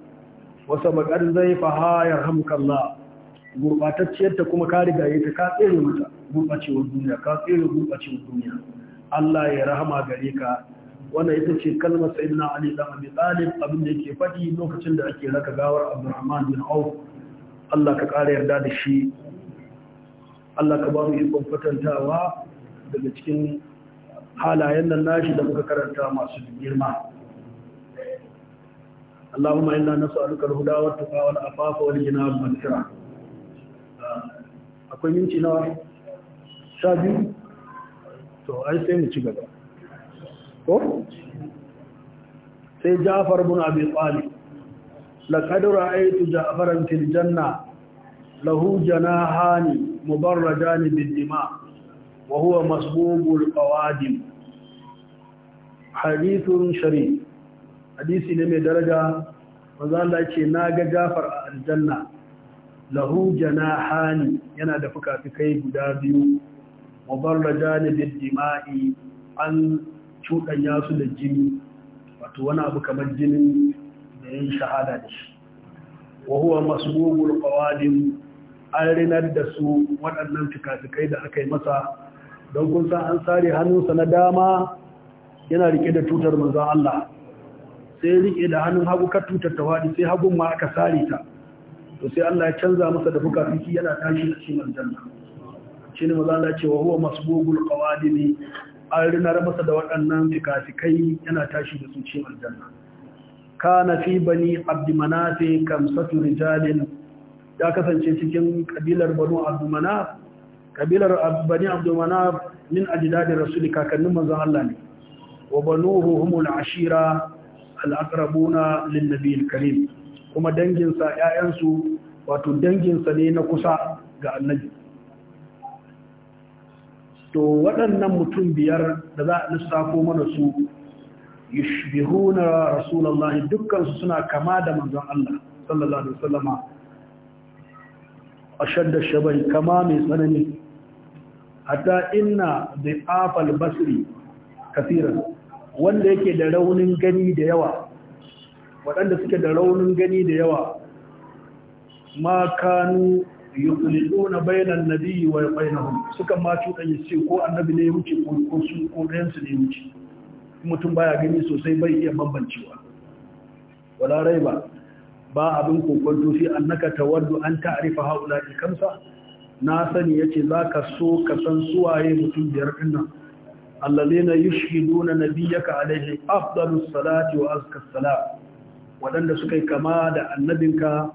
wasa bakar zai faha yarhamukallah gurbatacciyar ta kuma ka riga ta ka tsere mata gurbacewar duniya ka tsere gurbacewar duniya Allah ya rahama gare ka wannan ita ce kalmar sayyidina na alisa Abi Talib abin da yake faɗi lokacin da ake raka gawar Abdurrahman bin Auf Allah ka ƙara yarda da shi Allah ka ba mu ikon fatantawa daga cikin halayen nan nashi da muka karanta masu girma Allahumma inna nas'aluka al-huda wa at taqwa wa al-afafa wal ghina wal kira. akwai minti nawa sha biyu to ai sai mu ci gaba ko sai Ja'far ibn Abi Talib laqad ra'aytu Ja'faran fil janna له جناحان مبرجان بالدماء وهو مسبوب القوادم حديث شريف حديث نمي درجة وظال الله يتشي ناقة جافر الجنة له جناحان ينادفك في كيب دابيو مبرجان بالدماء أن شوطا الناس للجن وتوانا بك مجن من شهادة وهو مسبوب القوادم an rinar da su waɗannan fikafikai da aka yi masa don kun san an sare hannunsa na dama yana rike da tutar manzan Allah sai rike da hannun hagu ka tutar ta waɗi sai hagun ma aka sare ta to sai Allah ya canza masa da fukafiki yana tashi a cikin aljanna shi ne maza Allah ce wa huwa kawadi ne? an rinar masa da waɗannan fikafikai yana tashi da su cikin Ka kana fi bani abdi manati kamsatu rijalin ya kasance cikin kabilar banu abdulmanaf kabilar bani abdulmanaf min ajdadi rasuli kakannin manzon Allah ne wa banuhu humul ashira al-aqrabuna lin nabiyil karim kuma dangin sa ƴaƴan su wato dangin sa ne na kusa ga annabi to waɗannan mutum biyar da za a lissafo mana su yushbihuna rasulullahi dukkan su suna kama da manzon Allah sallallahu alaihi ashadda shabari kama mai tsanani hatta inna da afal basri kafiran wanda yake da raunin gani da yawa waɗanda suke da raunin gani da yawa ma kanu yuqliduna bayna an-nabiyyi wa bainahum suka ma cuɗanye ce ko annabi ne ya wuce ko su ko ɗayan ne ya wuce mutum baya gani sosai bai iya bambancewa wala raiba ba abin kokonto fi annaka tawaddu an ta'rifa haula kamsa na sani yace zaka so ka san suwaye mutum biyar dinnan allazina yushhiduna nabiyyaka alaihi afdalus salati wa azkas salat wadanda suka kama da annabinka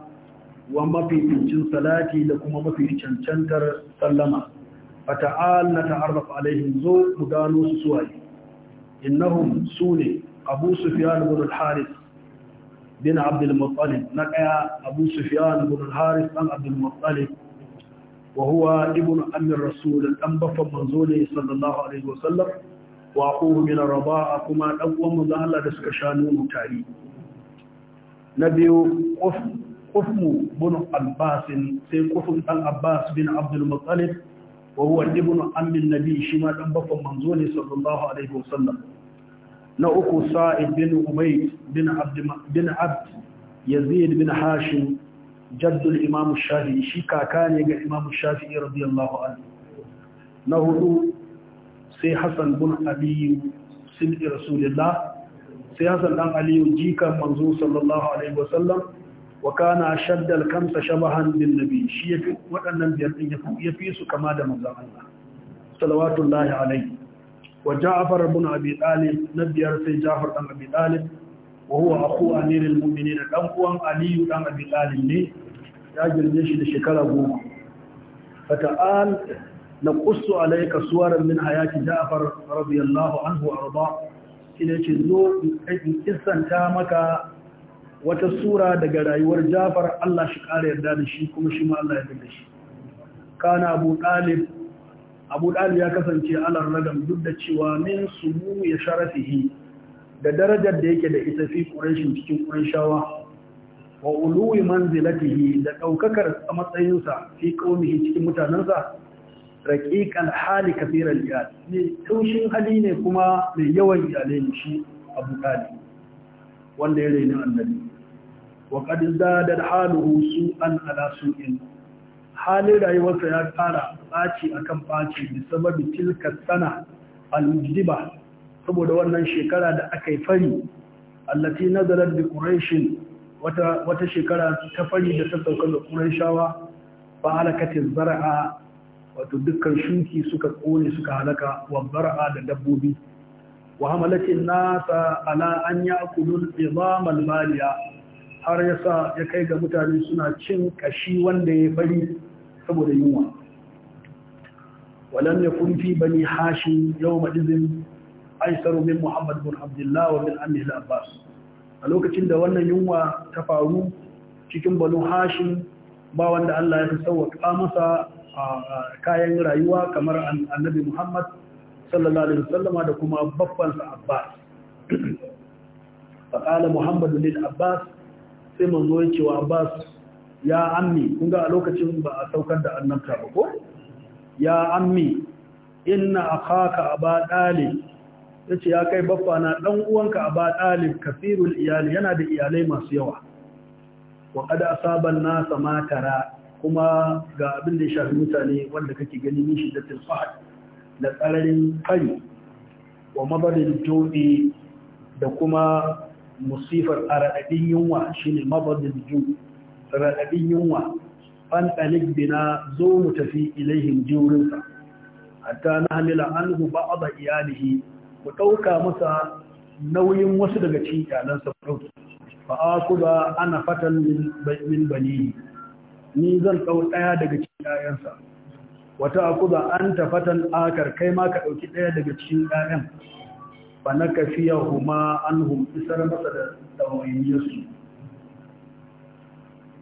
wa mafificin salati da kuma mafi cancantar sallama fata'al na ta'arraf alaihim zo mu gano su suwaye innahum sune abu sufyan ibn al-harith bin abdul muttalib na kaya abu sufyan ibn al-haris dan abdul muttalib wa huwa ibn ammi rasul dan baffan manzo ne sallallahu alaihi wasallam wa aquhu min ar-rida'a kuma dan uwan manzo Allah da suka sha nono tare na biyu qufmu ibn abbas sai qufm dan abbas bin abdul muttalib wa huwa ibn ammi an-nabi shi ma dan baffan manzo ne sallallahu alaihi wasallam na uku sa'id bin ubayd bin abd bin abd yazid bin hashim jaddul imam shafi'i shi kaka ne ga imam shafi'i radiyallahu anhu na hudu sai Hassan bin aliyu sirri rasulullah sai Hassan dan aliyu jikan manzo sallallahu alaihi wasallam wa kana shaddal kamsa shabahan bin nabi shi yafi waɗannan biyar ɗin ya fi su kama da manzon Allah sallallahu alaihi wa ja'far ibn abi talib na biyar sai ja'far dan abi talib wa huwa akhu amiril mu'minin dan uwan ali dan abi talib ne ya girme shi da shekara goma fata'al naqussu alayka suwaran min hayati ja'far radiyallahu anhu arda shine ce zo in kissanta maka wata sura daga rayuwar Jafar Allah shi kara yarda da shi kuma shi ma Allah ya yarda da shi kana Abu Talib abu ɗalib ya kasance alar ragam duk da cewa min sumu ya sharafihi da darajar da yake da ita fi ƙurashin cikin ƙurashawa wa uluwi manzilatihi da ɗaukakar matsayinsa fi ƙaunihi cikin mutanensa raƙiƙan hali kafiran iyali ne taushin hali ne kuma mai yawan iyalai ne shi abu ɗalib wanda ya raini annabi wa ƙadin da haluhu su an ala in halin rayuwarsa ya ƙara ɓaci akan ɓaci da sababi tilka sana al-mujdiba saboda wannan shekara da aka yi fari allati nazalat bi quraishin wata wata shekara ta fari da ta sauka da quraishawa fa halakatiz zar'a wato dukkan shuki suka kone suka halaka wa zar'a da dabbobi wa hamalatin nasa ala an ya'kulu al-izama al-maliya har yasa ya kai ga mutane suna cin kashi wanda ya fari saboda yunwa ولم يكن في بني هاشم يومئذ أيسر من محمد بن عبد الله ومن عمه العباس a lokacin da wannan yunwa ta faru cikin banu hashin ba wanda Allah ya fi sauwaƙa masa kayan rayuwa kamar annabi Muhammad sallallahu alaihi wasallama da kuma babbansa Abbas faƙala Muhammad bin Abbas sai manzo ya ce wa Abbas ya ammi kun ga a lokacin ba a saukar da annabta ba ko ya ammi inna akhaka aba dalib yace ya kai baffa na dan uwanka aba dalib kafirul iyali yana da iyalai masu yawa wa qad asaba an-nasa ma tara kuma ga abin da ya shafi mutane wanda kake gani shi da fahd da tsararin kai wa mabadil jodi da kuma musifar aradadin yunwa shine mabadil jodi aradadin yunwa an bina zo mu tafi ilaihim jurinsa hatta na hamila an huba aba iyalihi ku ɗauka masa nauyin wasu daga cikin iyalansa ɗauki ba a ba ana fatan min bani ni zan ɗau ɗaya daga cikin ƴaƴansa wata ba an tafatan akar kai ma ka ɗauki ɗaya daga cikin 'ya'yan? Ba na kafiya huma an hum isar masa da ɗawainiyarsu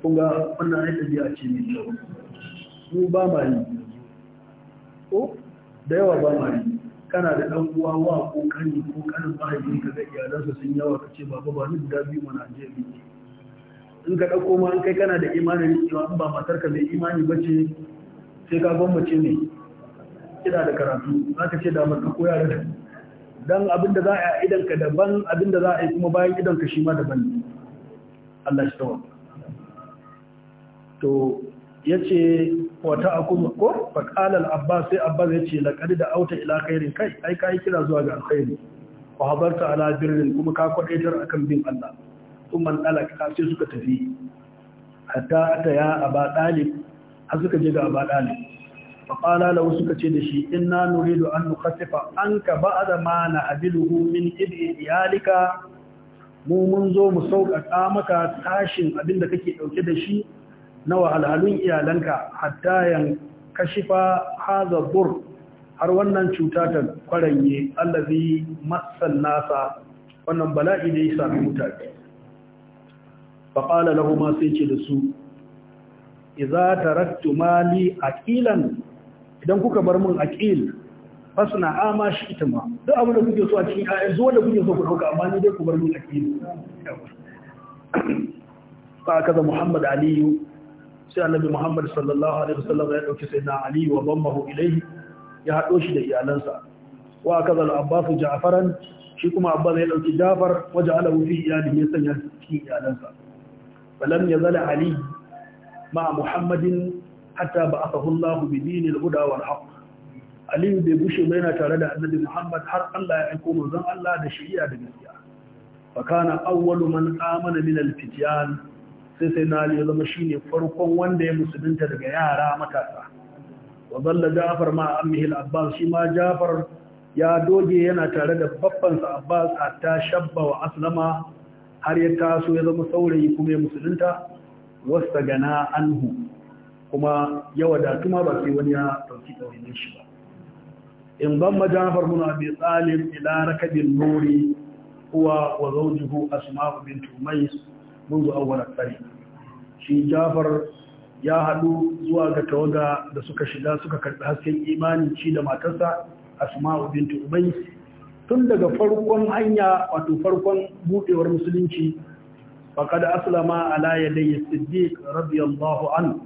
kunga wannan ya tabiya ce mai kyau mu ba ma yi ko da yawa ba ma yi kana da ɗan uwa wa ko kani ko kanin mahaifi ka ga iyalansa sun yawa ka ce baba ba ni da biyu mana je bi in ka ɗauko ma in kai kana da imanin cewa in ba ka mai imani ba ce sai ka gwammace ne kina da karatu za ka ce damar ka koya da dan abin da za a yi idanka daban abin da za a yi kuma bayan idanka shi ma daban Allah shi tawa to ya ce wata akuma ko faƙalar abbas sai abbas ya ce laƙari da auta ila khairin kai ai ka yi kira zuwa ga alkhairi wa habarta ala birnin kuma ka kwaɗaitar akan bin allah sun man ɗalaka sai suka tafi hatta ta ya aba ɗalib har suka je ga aba ɗalib faƙala lau suka ce da shi inna nuridu an sifa. an ka ba da ma na abiluhu min ibi iyalika mu mun zo mu sauƙaƙa maka tashin abin da kake ɗauke da shi na wahalhalun iyalanka hatta yan kashifa haza bur har wannan cuta ta kwaranye allazi matsan nasa wannan bala'i da ya sami mutane faƙala lahu ma sai ce da su iza taraktu mali aqilan idan kuka bar mun aqil fasna ama shi ita ma duk abin da kuke so a cikin ayyan zo da kuke so ku dauka amma ni dai ku bar mun aqil fa kaza muhammad aliyu sai annabi muhammad sallallahu alaihi wasallam ya dauki sayyidina ali wa bambahu ilayhi ya hado shi da iyalansa wa kaza al-abbas ja'faran shi kuma abbas ya dauki ja'far waje alahu fi iyalihi ya sanya cikin iyalansa falam yazal ali ma muhammadin hatta ba'athahu allah bi dinil huda wal haqq ali bai gushe ba yana tare da annabi muhammad har allah ya aiko manzon allah da shari'a da gaskiya fa kana awwalu man amana min al-fityan sai sai na ya zama ne farkon wanda ya musulunta daga yara matasa wa zalla jafar ma ammihi abbas shi ma jafar ya doge yana tare da babbansa abbas ta shabba wa aslama har ya taso ya zama saurayi kuma ya musulunta wasta gana anhu kuma ya wadatu ma ba sai wani ya ɗauki ɗaurin shi ba in ban ma Jafar muna bai tsalin ila rakabin nuri kuwa wa zaujihu asma'u منذ أول الطريق shi jafar ya haɗu zuwa ga tawaga da suka shiga suka karɓi hasken imanin shi da matarsa asma'u bintu ubay tun daga farkon hanya wato farkon buɗewar musulunci faqad aslama ala yadayhi siddiq radiyallahu an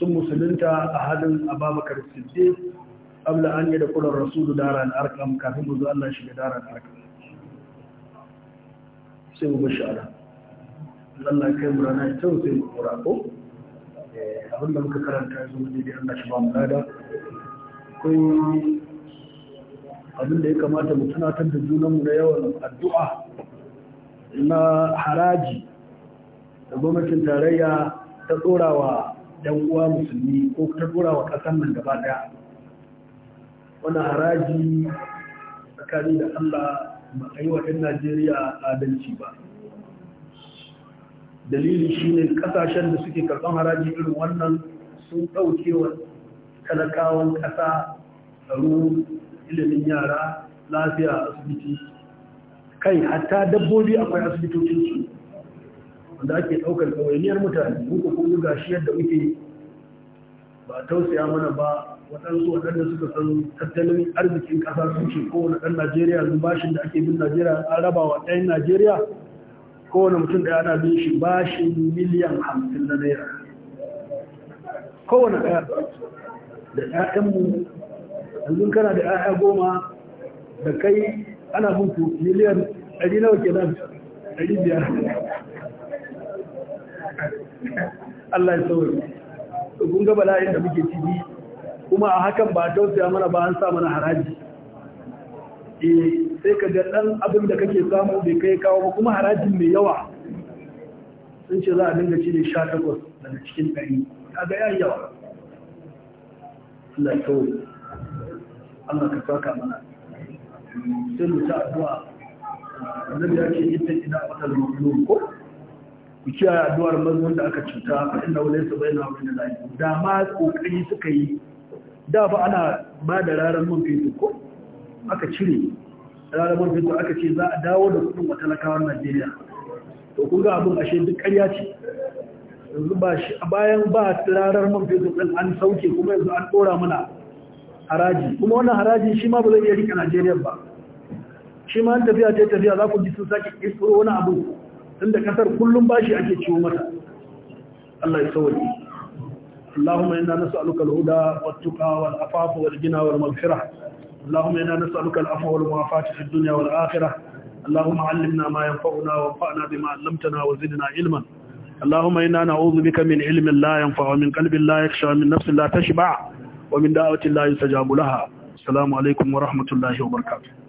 sun musulunta a hadin ababakar siddiq qabla an yadkhula ar-rasulu daran arkam kafin zuwa Allah shiga daran arkam sai mu bashara Allah kai mu rana kyau sai mu kora ko eh, abin da muka karanta yanzu ne da Allah shi ba mu lada kun abin da ya kamata mu tunatar da junanmu na yawan addu'a na haraji da gwamnatin tarayya ta tsorawa yan uwa musulmi ko ta tsorawa kasan nan gaba daya wani haraji tsakani da Allah ba a yi wa 'yan Najeriya adalci ba dalili shine kasashen da suke karɓar haraji irin wannan sun ɗauke wa talakawan ƙasa tsaro ilimin yara lafiya asibiti kai hatta dabbobi akwai asibitocinsu wanda ake ɗaukar kawainiyar mutane muka kuma gashi yadda muke ba tausaya mana ba waɗansu waɗanda suka san tattalin arzikin ƙasa sun ce kowane ɗan najeriya bashin da ake bin najeriya an raba ɗayan najeriya kowane mutum ɗaya ana bin shi shi miliyan hamsin na naira kowane ɗaya da ‘ya'yanmu yanzu kana da ‘ya'ya goma da kai ana bin ku miliyan ɗari nawa ke nan ɗari biyar Allah ya sauri kun ga bala'in da muke ciki kuma a hakan ba tausaya mana ba an sa mana haraji Eh, sai ka ga dan abin da kake samu bai kai kawo kuma harajin mai yawa sun ce za a dinga cire 18 daga cikin 100 ga yayi yawa Allah ya Allah ka saka mana sai mu ta addu'a wannan ya ce ita ina wata mazlum ko ku ci addu'ar mazlum da aka cuta fa inna walaysa bayna wa baina da ma kokari suka yi da ba ana ba da raran man fitu ko aka cire rarrabar fito aka ce za a dawo da kudin lakawar najeriya to kun ga abin ashe duk karya ce yanzu ba shi bayan ba rarar man fetur ɗin an sauke kuma yanzu an ɗora mana haraji kuma wannan haraji shi ma ba zai iya rika najeriya ba shi ma an tafiya ta tafiya za ku ji sun sake ƙirƙiro wani abu tun da ƙasar kullum bashi ake ciwo mata Allah ya sauke اللهم إنا نسألك الهدى والتقى والعفاف والغنى والمغفرة اللهم إنا نسألك العفو والمعافاة في الدنيا والآخرة اللهم علمنا ما ينفعنا وانفعنا بما علمتنا وزدنا علما اللهم إنا نعوذ بك من علم لا ينفع ومن قلب لا يخشى ومن نفس لا تشبع ومن دعوة لا يستجاب لها السلام عليكم ورحمة الله وبركاته